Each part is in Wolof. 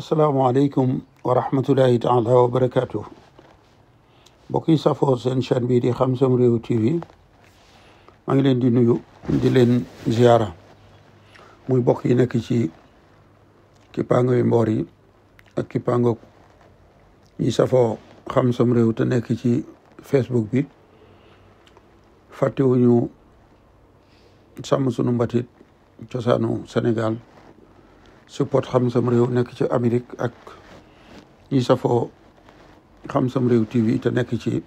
assalaamu aleykum wa rahmatullahi taala wa barakaatu mbokk yi safoo seen chaîne bii di Xam Sam Réew TV maa ngi leen di nuyu di leen ziara muy mbokk yi nekk ci kippaango yu mboor yi ak kippaango ñi safoo Xam Sam Réew te nekk ci Facebook bi fàttewuñu sàmm sunu mbatit cosaanu Sénégal support xam sam réew nekk ci Amérique ak ñi safo xam sam réew TV te nekk ci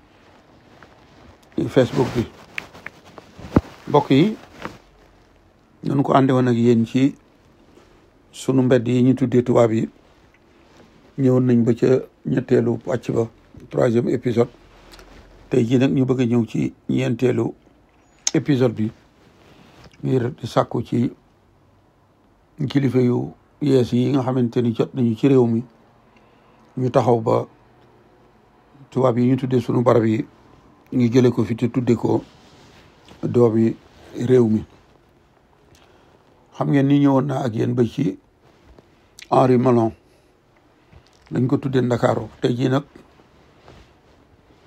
Facebook bi mbokk yi ñun ko ànde woon ak yéen ci sunu mbedd yi ñu tuddee tubaab yi ñëwoon nañ ba ca ñetteelu pàcc ba troisième épisode tey jii nag ñu bëgg a ñëw ci ñeenteelu épisode bi ngir di sàkku ci kilifa yu yees yi nga xamante ni jot nañu ci réew mi ñu taxaw ba tubaab yi ñu tuddee sunu barab yi ñu jële ko fi te tudde ko doomi réew mi xam ngeen ni ñëwoon naa ak yenn ba ci Henri Malon dañ ko tuddee Ndakaaru tey jii nag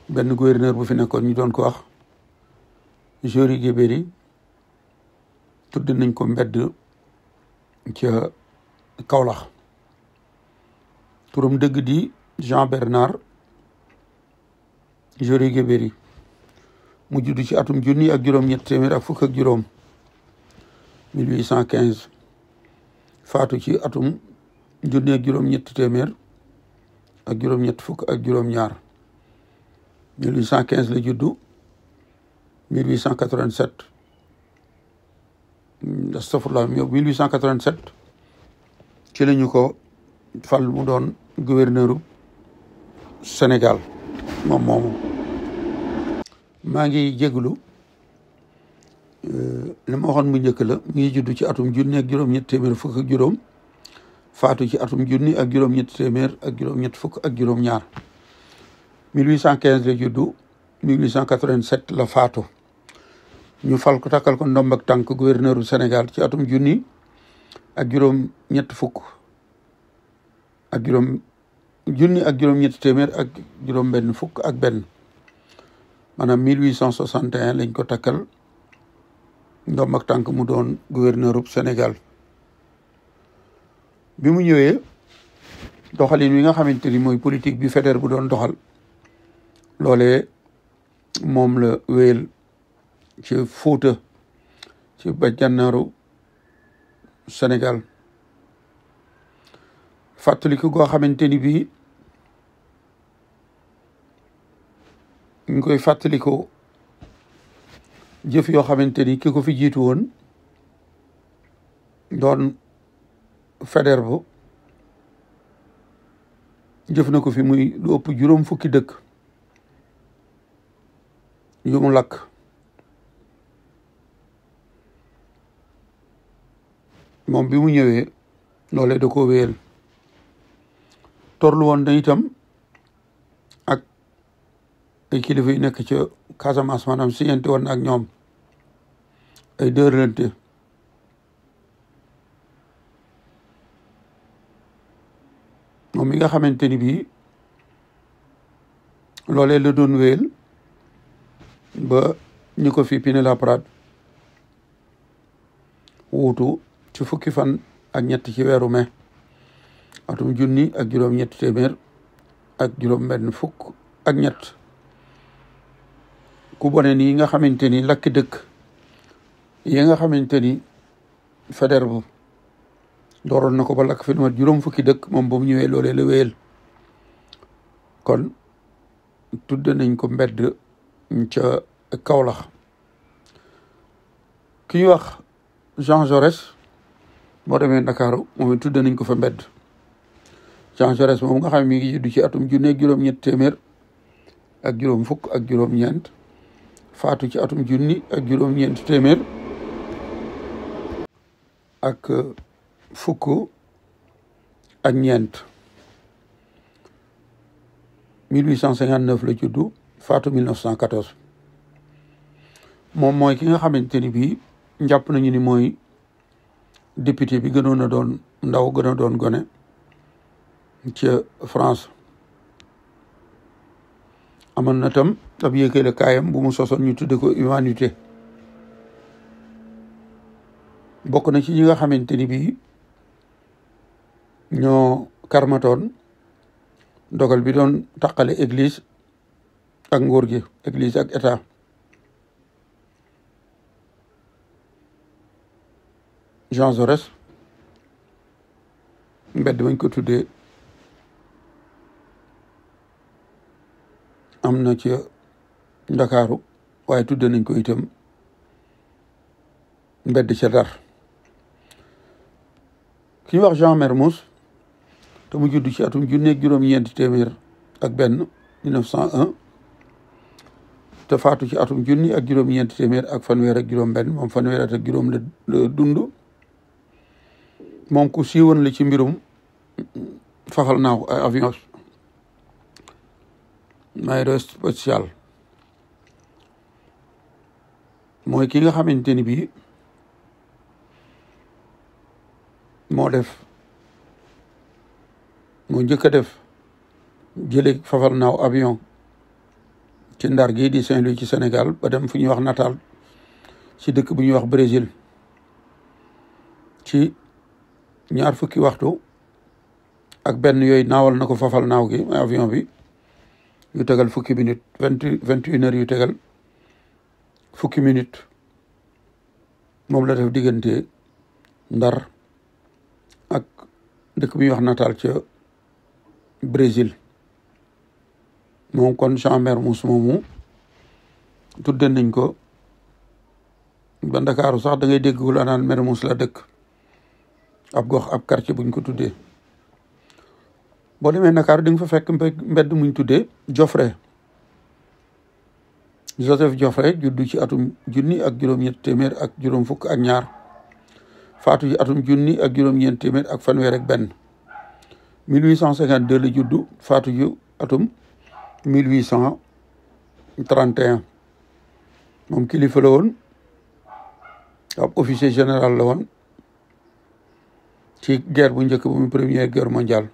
benn gouverneur bu fi nekkoon ñu doon ko wax Jory Guébéry tudde nañ ko mbedd ca Kaolach. turam dëgg di Jean Bernard Jory Guéberry mu judd ci atum jouni ak juróom ñett à ak fukk ak 1815 faatu ci atum junni ak juróom ñett à ak juróom ñett fukk ak 1815 la juddu 1887 astafurlah 1887 ci ko fal mu doon gouverneur Sénégal moom moomu maa ngi jéglu euh, li mu njëkk la mu ngi juddu ci atum junni ak juróom-ñett téeméer fukk ak juróom faatu ci atum junni ak juróom-ñett téeméer ak juróom-ñett fukk ak juróom-ñaar 1815 la juddu 1887 la faatu ñu fal ko takkal ko ndomb ak tànk gouverneur du Sénégal ci atum junni ak juróom-ñett fukk ak juróom junni ak juróom-ñetti téeméer ak juróom-benn fukk ak benn maanaam 1861 lañ ko takkal ndoom ak tànk mu doon gouverneur ub Sénégal bi mu ñëwee doxalin wi nga xamante ni mooy politique bi Faidherbe bu doon doxal loole moom la wéyal ci Fuuta ci ba jànnaaru Sénégal fàttaliku goo xamante ni bii ñu koy fàttaliku jëf yoo xamante ni ki ko fi jiitu woon doon Faidherbe jëf na ko fi muy lu ëpp juróom fukki dëkk yu lakk moom bi mu ñëwee loolee da ko wéyal torlu woon na ak ay kilifa yi nekk ca Casamance maanaam si yente woon ak ñoom ay dërlante moom mi nga xamante ni bii loolee la doon wéyal ba ñu ko fi Pinet-Laprade wuutu ci fukki fan ak ñett ci weeru mai atum junni ak juróom-ñetti téeméer ak juróom-benn fukk ak ñett ku bone nii nga xamante ni lakki dëkk yi nga xamante ni Faidherbe dooroon na ko ba lakk fi lu juróom fukki dëkk moom ba mu ñëwee loolee la wéyal kon tudde nañ ko mbedd ca Kaolack ki ñuy wax Jean Jaurès boo demee Ndakaaru moom it tudde nañ ko fa mbedd Jean Jaurès moom nga xam ne mi ngi juddu ci atum junne ak juróom-ñett téeméer ak juróom fukk ak juróom-ñeent faatu ci atum junni ak juróom-ñeent téeméer ak fukk ak ñeent 1859 la juddu faatu 1914 moom mooy ki nga xamante ni bii njàpp nañu ni mooy député bi gënoon a doon ndaw gën a doon gone ca France amoon na tam ab yéekeele kaayam bu mu sosoon ñu tudde ko humanité bokk na ci ñi nga xamante ni bii ñoo karmatoon dogal bi doon taqale église ak nguur gi église ak état Jean Jaurès mbedd mañ ko tuddee am na ci ndakaaru waaye tudde nañ ko itam mbedd ca Ndar ki ñu wax Jean Mermoz te mu judd ci atum junneeg juróom-ñeenti téeméer ak benn 1901 te faatu ci atum junni ak juróom-ñeenti téeméer ak fanweer ak juróom-benn moom fanweer at ak juróom la dund moom ku siiwoon la ci mbirum faxal naaw avion aérospatiale mooy ki nga xamante ni bi moo def moo njëkk a def jële naaw avion ci ndar gi di Saint-Louis ci Sénégal ba dem fu ñuy wax Natal ci dëkk bu ñuy wax Brésil ci ñaar fukki waxtu ak benn yooyu naawal na ko naaw gi avion bi yu tegal fukki minute vingt vingt une yu tegal fukki minute moom la def diggante ndar ak dëkk bi wax nataal ca Brésil moom kon Champ-Mermoz moomu tudde nañ ko ba Ndakaaru sax dangay ngay dégg wala naan Mermoz la dëkk ab gox ab quartier buñ ko tuddee bo demé nakar ding fa fekk mbedd muñ tuddé Joffre Joseph Geoffrey juddu ci atum junni ak juroom ñet témèr ak juroom fukk ak ñaar faatu ci atum junni ak juroom ñeent témèr ak fanweer ak ben 1852 la juddu faatu ci atum 1831 moom kilifa la woon ab officier général la woon ci guerre bu ñëk bu première guerre mondiale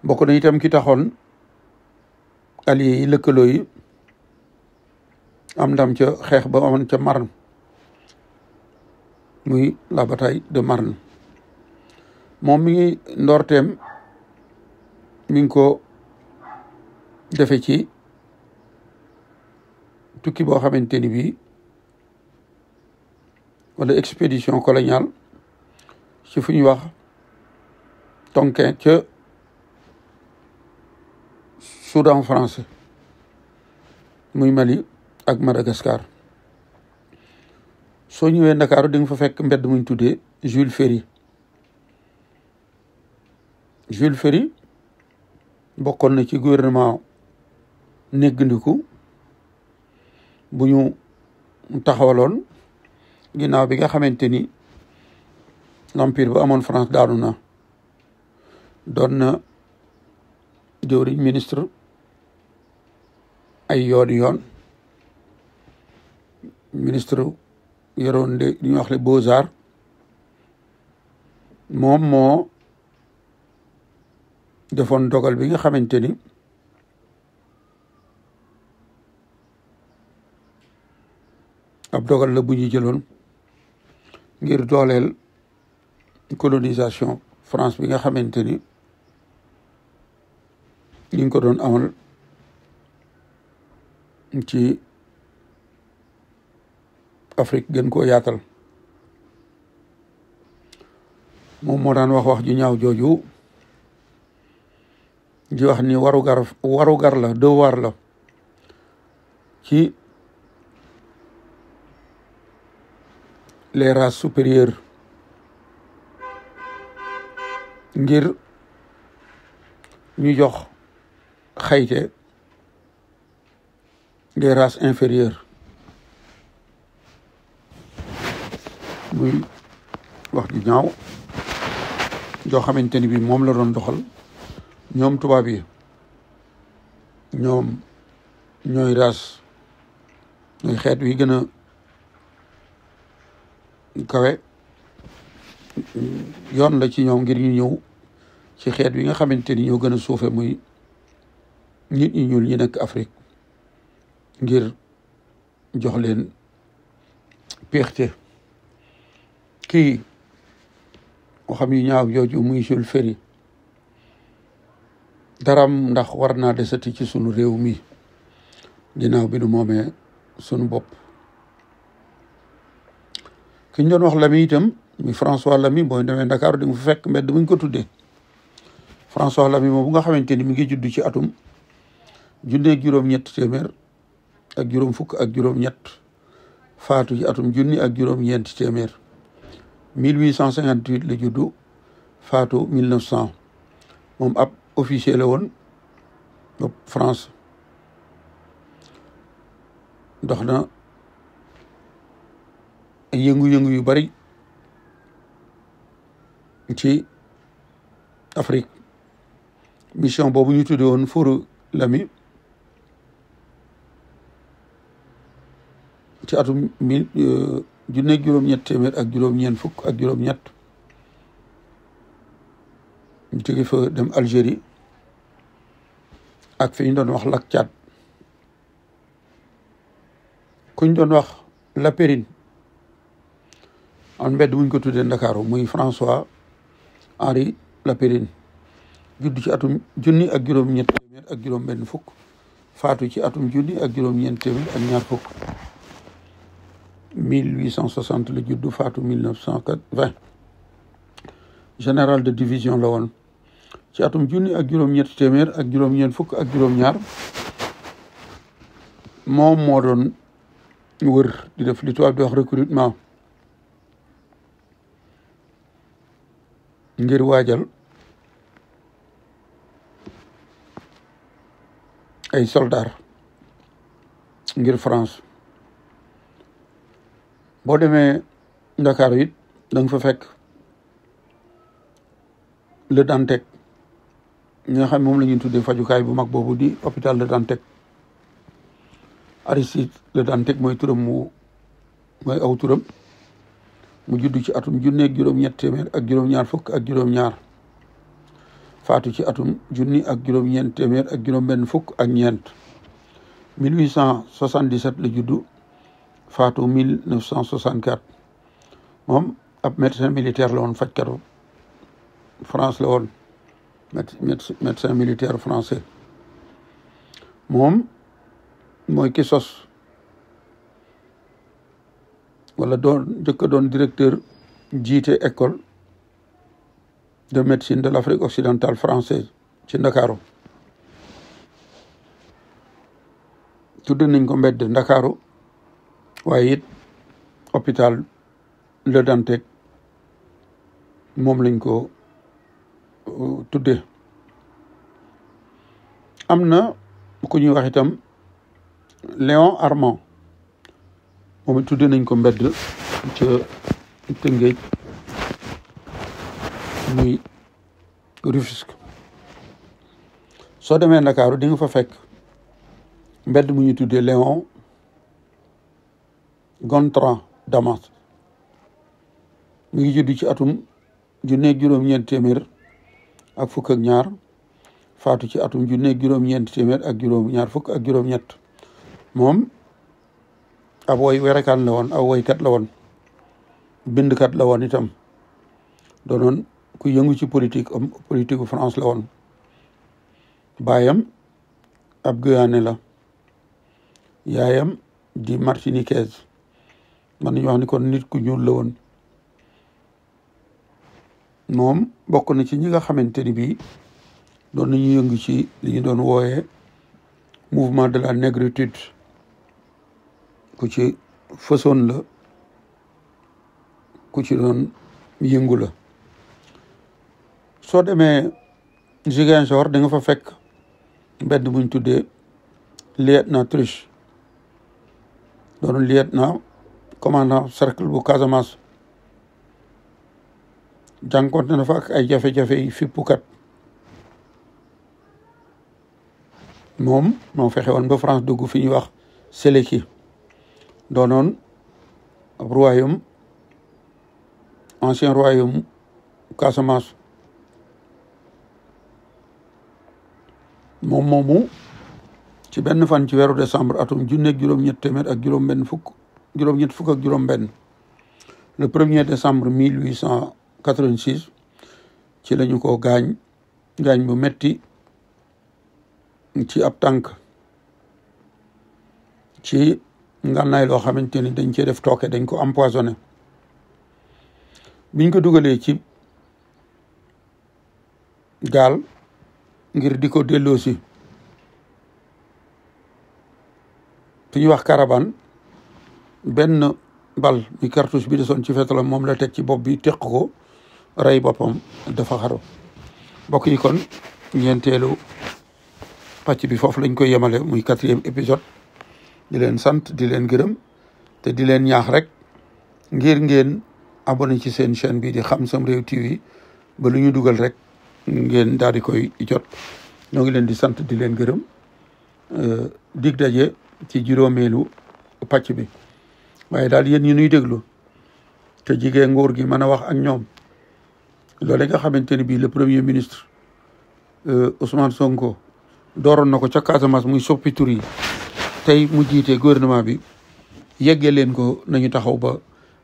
bokk na itam ki taxoon alliés yi lëkkaloo yi am ndam ca xeex ba amoon ca mar muy la bataille de Marne moom mi ngi ndoorteem mi ngi ko defe ci tukki boo xamante ni bi wala expédition coloniale ci fu ñuy wax Tonkin ca Soudan français Mali ak Madagascar soo ñëwee Ndakaaru di nga Jules Ferry Jules Ferry bokkoon na ci gouvernement néggandiku bu ñu taxawaloon bi nga xamante l'empire bu France daanu ministre ay yoon yoon ministre yoroon de ñu wax le Beaux-Arts moom moo defoon dogal bi nga xamante ni ab dogal la bu ñu jëloon ngir dooleel colonisation France bi nga xamante ni ñu ko doon amal ci Afrique gën ko yaatal moom moo daan wax wax ju ñaaw jooju di wax ni warugar warugar la devoir la ci les races ngir ñu jox xayte de races inférieur muy wax ju ñaaw joo xamante ni bi moom la doon doxal ñoom tubaab yi ñoom ñooy race ñooy xeet wi gën a kawe yoon la ci ñoom ngir ñu ñëw ci xeet wi nga xamante ni ñoo gën a suufe muy nit ñi ñuul ñi nekk Afrique ngir jox leen peexte kii nga xam yu ñaaw jooju muy Jules Ferry daram ndax war naa desati ci sunu réew mi ginnaaw bi nu moomee sunu bopp ki ñu wax Lamy itam mi François Lamy boo demee Dakar di nga fa fekk mbedd muñ ko tuddee François Lamy moom bu nga xamante ni mi ngi judd ci atum junneeg juróom-ñett téeméer ak juróom fukk ak juróom-ñett faatu ci atum junni ak juróom-ñeenti téeméer 1858 la juddu faatu 1900 moom ab officier la woon France dox na yëngu-yëngu yu bari ci Afrique mission boobu ñu tudde woon Fóoru Lami ci atum mille euh, junne ñett téeméer ak juróom-ñeent fukk ak juróom-ñett ñu jóge fa dem Algérie ak fi ñu doon wax lak Tchad kuñ doon wax Lapérine am mbedd muñ ko tuddee Ndakaaru muy François Henri Lapérine judd ci atum junni ak juróom-ñett téeméer ak juróom-benn fukk faatu ci atum junni ak juróom-ñeent téeméer ak ñaar fukk 1860 le Djoudou Fatou 1920 général de division la woon ci atum djuni ak juróom ñet témèr ak un ñen fuk ak wër recrutement ngir un ay soldats ngir France boo demee Ndakaaru it da nga fa fekk Le Dantec ñi nga moom la ñuy tuddee fajukaay bu mag boobu di hôpital Le Dantec Aristide Le Dantec mooy turam mu mooy aw turam mu judd ci atum junneeg juróom-ñett téeméer ak juróom-ñaar fukk ak juróom-ñaar faatu ci atum junni ak juróom-ñeent téeméer ak juróom-benn fukk ak ñeent 1877 la juddu Fatou 1964 moom ab médecin militaire la woon fajkatu France la woon médecin militaire français moom mooy ki sos wala doon njëkk doon directeur jiite école de médecine de l'Afrique occidentale française ci Ndakaaru tudd nañ ko mbedd Ndakaaru waaye it hôpital Le Dantec moom lañ ko euh, tudde am na ku ñuy wax itam Léon Armand moom it tudde nañ ko mbedd ca Tëngéej muy Rufisque soo demee Ndakaaru dinga fa fekk mbedd mu ñu tuddee Léon Gontran Damas mu ngi juddu ci atum junneeg juróom-ñeent téeméer ak fukk ak ñaar faatu ci atum junneeg juróom-ñeent téeméer ak juróom-ñaar fukk ak juróom-ñett moom ab woy werekaan la woon ab woykat la woon bindkat la woon itam doonoon ku yëngu ci politique am politique France la woon baayam ab Guyanais la yaayam di martiniquaise man nañu wax ni kon nit ku ñuul la woon moom bokk na ci ñi nga xamante ni bii doon nañu yëngu ci li doon wooye mouvement de la négritude ku ci fësoon la ku ci doon yëngu la soo demee Ziguinchor da nga fa fekk mbedd buñ tuddee liet na triche doon liet na commandant cercle bu Casamance jànkoonte na fa ay jafe-jafe yi fippukat moom moo fexe woon France dugg fi ñuy wax Séléki doonoon ab royaume ancien royaume Casamance moom moomu ci benn fan ci weeru décembre atum junneeg juróom-ñett téeméer ak juróom-benn fukk juróom-ñett fukk ak juróom-benn le premier décembre mille huit cent quatre ci lañu ko gaañ gaañ bu metti ci ab tànk ci ngànnaay loo xamante ni dañ cee def tooke dañ ko empoisonné biñ ko dugalee ci gaal ngir di ko delloosi fi ñuy wax karaban benn bal mi cartouche bi desoon ci fetalam moom la teg ci bopp bi teq ko rey boppam dafa xaru mbokk yi kon ñeenteelu pàcc bi foofu lañ koy yemale muy yem épisode di leen sant di leen gërëm te di leen ñaax rek ngir ngeen abonné ci seen chaîne bi di Xam Sam Réew TV ba lu ñu dugal rek ngeen daal di koy jot ñoo ngi leen di sant di leen gërëm euh, dig daje ci juróomeelu pàcc bi waaye daal yéen ñi nuy déglu te jigee nguur gi mën a wax ak ñoom loolu nga xamante ni bii le premier ministre euh, Ousmane Sonko dooroon na ko ca Casamance muy soppi tur yi tey mu jiite gouvernement bi yeggee leen ko nañu taxaw ba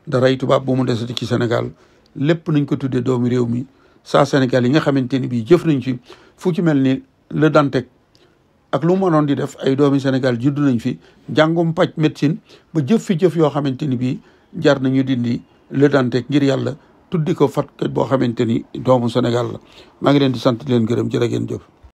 daray tubaab bu mu desati ci Sénégal lépp nañ ko tuddee doomu réew mi saa Sénégal yi nga xamante ni bii jëf nañ ci fu ci mel ni le Dantec ak lu mu noon di def ay doomi Sénégal judd nañ fi njàngum paj médecine ba jëf fi jëf yoo xamante ni bii jar nañu dindi Le Dantec ngir yàlla tuddi ko fatkat boo xamante ni doomu Sénégal la maa ngi leen di sant leen gërëm jërë ngeen jëf